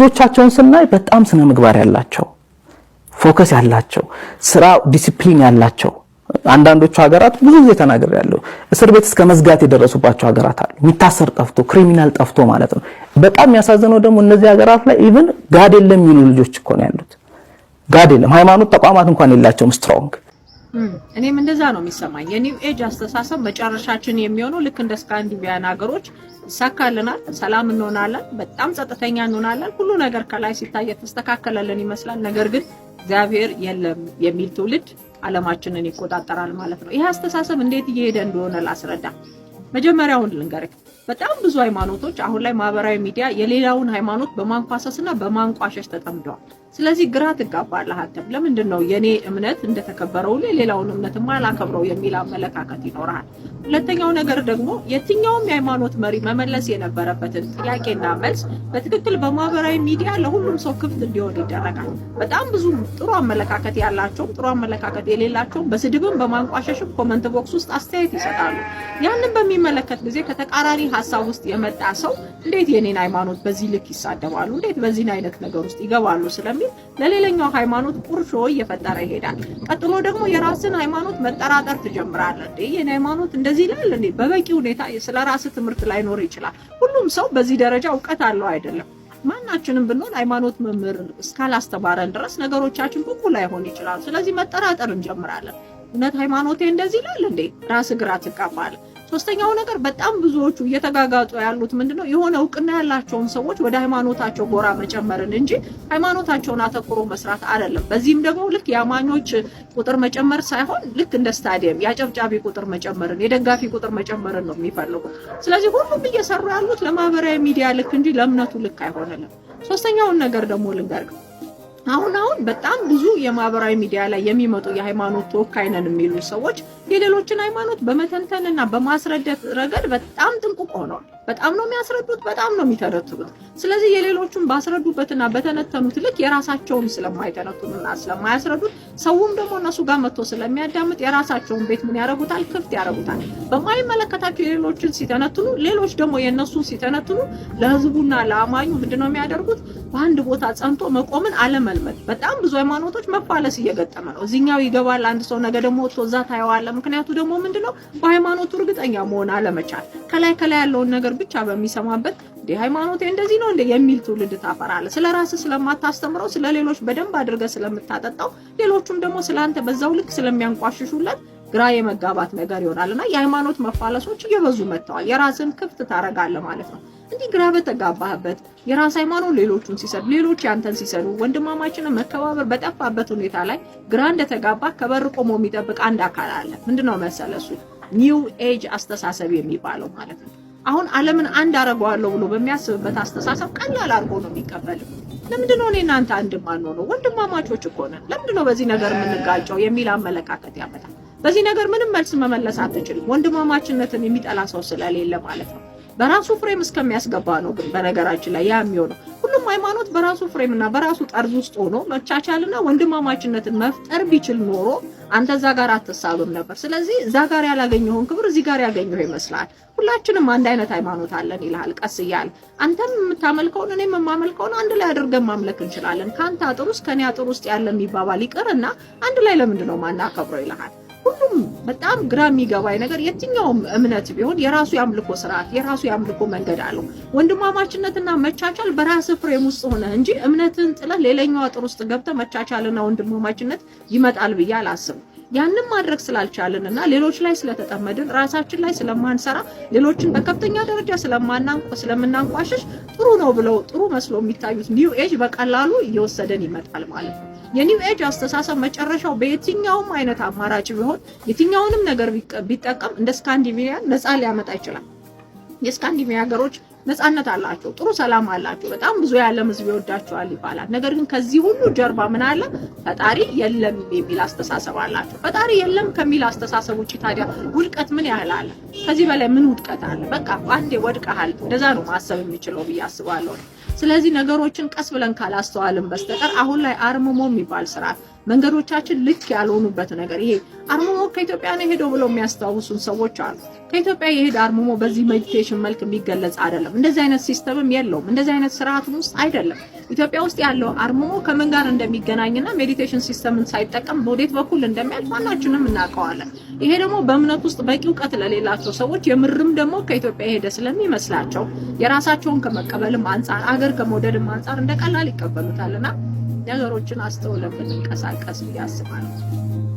ልጆቻቸውን ስናይ በጣም ስነ ምግባር ያላቸው ፎከስ ያላቸው ስራ ዲሲፕሊን ያላቸው አንዳንዶቹ ሀገራት ብዙ ጊዜ ተናገር ያለው እስር ቤት እስከ መዝጋት የደረሱባቸው ሀገራት አሉ። የሚታሰር ጠፍቶ ክሪሚናል ጠፍቶ ማለት ነው። በጣም የሚያሳዝነው ደግሞ እነዚህ ሀገራት ላይ ኢቭን ጋድ የለም የሚሉ ልጆች እኮ ነው ያሉት። ጋድ የለም ሃይማኖት ተቋማት እንኳን የላቸውም ስትሮንግ እኔም እንደዛ ነው የሚሰማኝ። የኒው ኤጅ አስተሳሰብ መጨረሻችን የሚሆነው ልክ እንደ ስካንዲቪያን ሀገሮች ይሳካልናል፣ ሰላም እንሆናለን፣ በጣም ጸጥተኛ እንሆናለን፣ ሁሉ ነገር ከላይ ሲታይ የተስተካከለልን ይመስላል። ነገር ግን እግዚአብሔር የለም የሚል ትውልድ አለማችንን ይቆጣጠራል ማለት ነው። ይህ አስተሳሰብ እንዴት እየሄደ እንደሆነ ላስረዳ። መጀመሪያውን ልንገርህ፣ በጣም ብዙ ሃይማኖቶች አሁን ላይ ማህበራዊ ሚዲያ የሌላውን ሃይማኖት በማንኳሰስና በማንቋሸሽ ተጠምደዋል። ስለዚህ ግራ ትጋባለህ። አንተም ለምንድን ነው የኔ እምነት እንደተከበረው ሌላውን እምነት አላከብረው የሚል አመለካከት ይኖርሃል። ሁለተኛው ነገር ደግሞ የትኛውም የሃይማኖት መሪ መመለስ የነበረበትን ጥያቄና መልስ በትክክል በማህበራዊ ሚዲያ ለሁሉም ሰው ክፍት እንዲሆን ይደረጋል። በጣም ብዙ ጥሩ አመለካከት ያላቸውም ጥሩ አመለካከት የሌላቸውም በስድብም በማንቋሸሽም ኮመንት ቦክስ ውስጥ አስተያየት ይሰጣሉ። ያንን በሚመለከት ጊዜ ከተቃራኒ ሀሳብ ውስጥ የመጣ ሰው እንዴት የኔን ሃይማኖት በዚህ ልክ ይሳደባሉ፣ እንዴት በዚህን አይነት ነገር ውስጥ ይገባሉ ስለ ለሌላኛው ሃይማኖት ቁርሾ እየፈጠረ ይሄዳል። ቀጥሎ ደግሞ የራስን ሃይማኖት መጠራጠር ትጀምራለህ። እንዴ የኔ ሃይማኖት እንደዚህ ይላል እንዴ? በበቂ ሁኔታ ስለ ራስ ትምህርት ላይኖር ይችላል። ሁሉም ሰው በዚህ ደረጃ እውቀት አለው አይደለም። ማናችንም ብንሆን ሃይማኖት መምህር እስካላስተማረን ድረስ ነገሮቻችን እኩል ላይሆን ይችላል። ስለዚህ መጠራጠር እንጀምራለን። እውነት ሃይማኖቴ እንደዚህ ይላል እንዴ? ራስ ግራ ትጋባለህ። ሶስተኛው ነገር በጣም ብዙዎቹ እየተጋጋጡ ያሉት ምንድነው የሆነ እውቅና ያላቸውን ሰዎች ወደ ሃይማኖታቸው ጎራ መጨመርን እንጂ ሃይማኖታቸውን አተኩሮ መስራት አይደለም። በዚህም ደግሞ ልክ የአማኞች ቁጥር መጨመር ሳይሆን ልክ እንደ ስታዲየም የአጨብጫቢ ቁጥር መጨመርን፣ የደጋፊ ቁጥር መጨመርን ነው የሚፈልጉ። ስለዚህ ሁሉም እየሰሩ ያሉት ለማህበራዊ ሚዲያ ልክ እንጂ ለእምነቱ ልክ አይሆንልም። ሶስተኛውን ነገር ደግሞ ልንገርግ አሁን አሁን በጣም ብዙ የማህበራዊ ሚዲያ ላይ የሚመጡ የሃይማኖት ተወካይ ነን የሚሉ ሰዎች የሌሎችን ሃይማኖት በመተንተንና በማስረደት ረገድ በጣም ጥንቁቅ ሆነዋል። በጣም ነው የሚያስረዱት፣ በጣም ነው የሚተነትኑት። ስለዚህ የሌሎቹን ባስረዱበትና በተነተኑት ልክ የራሳቸውን ስለማይተነትኑና ስለማያስረዱት ሰውም ደግሞ እነሱ ጋር መጥቶ ስለሚያዳምጥ የራሳቸውን ቤት ምን ያደርጉታል? ክፍት ያደርጉታል። በማይመለከታቸው የሌሎችን ሲተነትኑ፣ ሌሎች ደግሞ የእነሱን ሲተነትኑ ለህዝቡና ለአማኙ ምንድነው የሚያደርጉት? በአንድ ቦታ ጸንቶ መቆምን አለመል መልመድ። በጣም ብዙ ሃይማኖቶች መፋለስ እየገጠመ ነው። እዚህኛው ይገባል አንድ ሰው ነገ ደግሞ ወጥቶ እዛ ታየዋለ። ምክንያቱ ደግሞ ምንድነው? በሃይማኖቱ እርግጠኛ መሆን አለመቻል። ከላይ ከላይ ያለውን ነገር ብቻ በሚሰማበት እንደ ሃይማኖቴ እንደዚህ ነው እንደ የሚል ትውልድ ታፈራለ። ስለ ራስ ስለማታስተምረው ስለ ሌሎች በደንብ አድርገ ስለምታጠጣው ሌሎቹም ደግሞ ስለአንተ በዛው ልክ ስለሚያንቋሽሹለት ግራ የመጋባት ነገር ይሆናል እና የሃይማኖት መፋለሶች እየበዙ መጥተዋል። የራስን ክፍት ታረጋለ ማለት ነው። እንዲህ ግራ በተጋባህበት የራስ ሃይማኖት ሌሎቹን ሲሰድ፣ ሌሎች ያንተን ሲሰዱ፣ ወንድማማችንን መከባበር በጠፋበት ሁኔታ ላይ ግራ እንደተጋባህ ከበር ቆሞ የሚጠብቅ አንድ አካል አለ። ነው መሰለ እሱ ኒው ኤጅ አስተሳሰብ የሚባለው ማለት ነው። አሁን ዓለምን አንድ አደርገዋለሁ ብሎ በሚያስብበት አስተሳሰብ ቀላል አድርጎ ነው የሚቀበል። ለምንድነው እኔ እናንተ አንድማ ነው ወንድማማቾች እኮ ነን፣ ለምንድነው በዚህ ነገር የምንጋጨው የሚል አመለካከት ያመጣል። በዚህ ነገር ምንም መልስ መመለስ አትችልም፣ ወንድማማችነትን የሚጠላ ሰው ስለሌለ ማለት ነው። በራሱ ፍሬም እስከሚያስገባ ነው። ግን በነገራችን ላይ ያ የሚሆነው ሁሉም ሃይማኖት በራሱ ፍሬም እና በራሱ ጠርዝ ውስጥ ሆኖ መቻቻልና ወንድማማችነትን መፍጠር ቢችል ኖሮ አንተ እዛ ጋር አትሳብም ነበር። ስለዚህ እዛ ጋር ያላገኘውን ክብር እዚህ ጋር ያገኘው ይመስላል። ሁላችንም አንድ አይነት ሃይማኖት አለን ይልሃል። ቀስ እያለ አንተም የምታመልከውን እኔም የማመልከውን አንድ ላይ አድርገን ማምለክ እንችላለን። ከአንተ አጥር ውስጥ ከእኔ አጥር ውስጥ ያለ የሚባባል ይቅር እና አንድ ላይ ለምንድን ነው ማናከብረው ይልሃል። ሁሉም በጣም ግራ የሚገባኝ ነገር የትኛውም እምነት ቢሆን የራሱ የአምልኮ ስርዓት የራሱ የአምልኮ መንገድ አለው። ወንድማማችነትና መቻቻል በራስ ፍሬም ውስጥ ሆነ እንጂ እምነትን ጥለህ ሌላኛው አጥር ውስጥ ገብተህ መቻቻልና ወንድማማችነት ይመጣል ብዬ አላስብም። ያንን ማድረግ ስላልቻልን እና ሌሎች ላይ ስለተጠመድን ራሳችን ላይ ስለማንሰራ ሌሎችን በከፍተኛ ደረጃ ስለምናንቋሽሽ ጥሩ ነው ብለው ጥሩ መስሎ የሚታዩት ኒው ኤጅ በቀላሉ እየወሰደን ይመጣል ማለት ነው። የኒው ኤጅ አስተሳሰብ መጨረሻው በየትኛውም አይነት አማራጭ ቢሆን የትኛውንም ነገር ቢጠቀም እንደ ስካንዲቪያን ነፃ ሊያመጣ ይችላል። የስካንዲቪያ ሀገሮች ነፃነት አላቸው፣ ጥሩ ሰላም አላቸው፣ በጣም ብዙ የዓለም ህዝብ ይወዳቸዋል ይባላል። ነገር ግን ከዚህ ሁሉ ጀርባ ምን አለ? ፈጣሪ የለም የሚል አስተሳሰብ አላቸው። ፈጣሪ የለም ከሚል አስተሳሰብ ውጭ ታዲያ ውድቀት ምን ያህል አለ? ከዚህ በላይ ምን ውድቀት አለ? በቃ አንዴ ወድቀሃል። እንደዛ ነው ማሰብ የሚችለው ብዬ አስባለሁ። ስለዚህ ነገሮችን ቀስ ብለን ካላስተዋልን በስተቀር አሁን ላይ አርምሞ የሚባል ስርዓት መንገዶቻችን ልክ ያልሆኑበት ነገር ይሄ አርምሞ ከኢትዮጵያ ነው ሄደው ብለው የሚያስታውሱን ሰዎች አሉ። ከኢትዮጵያ የሄደ አርምሞ በዚህ ሜዲቴሽን መልክ የሚገለጽ አይደለም። እንደዚህ አይነት ሲስተምም የለውም። እንደዚህ አይነት ስርዓትም ውስጥ አይደለም። ኢትዮጵያ ውስጥ ያለው አርምሞ ከምን ጋር እንደሚገናኝና ሜዲቴሽን ሲስተምን ሳይጠቀም በወዴት በኩል እንደሚያልፍ ማናችንም እናውቀዋለን። ይሄ ደግሞ በእምነት ውስጥ በቂ እውቀት ለሌላቸው ሰዎች የምርም ደግሞ ከኢትዮጵያ የሄደ ስለሚመስላቸው የራሳቸውን ከመቀበልም አንጻር አገር ከመውደድም አንጻር እንደ ቀላል ይቀበሉታልና ነገሮችን አስተውለን ብንንቀሳቀስ ብዬ አስባለሁ።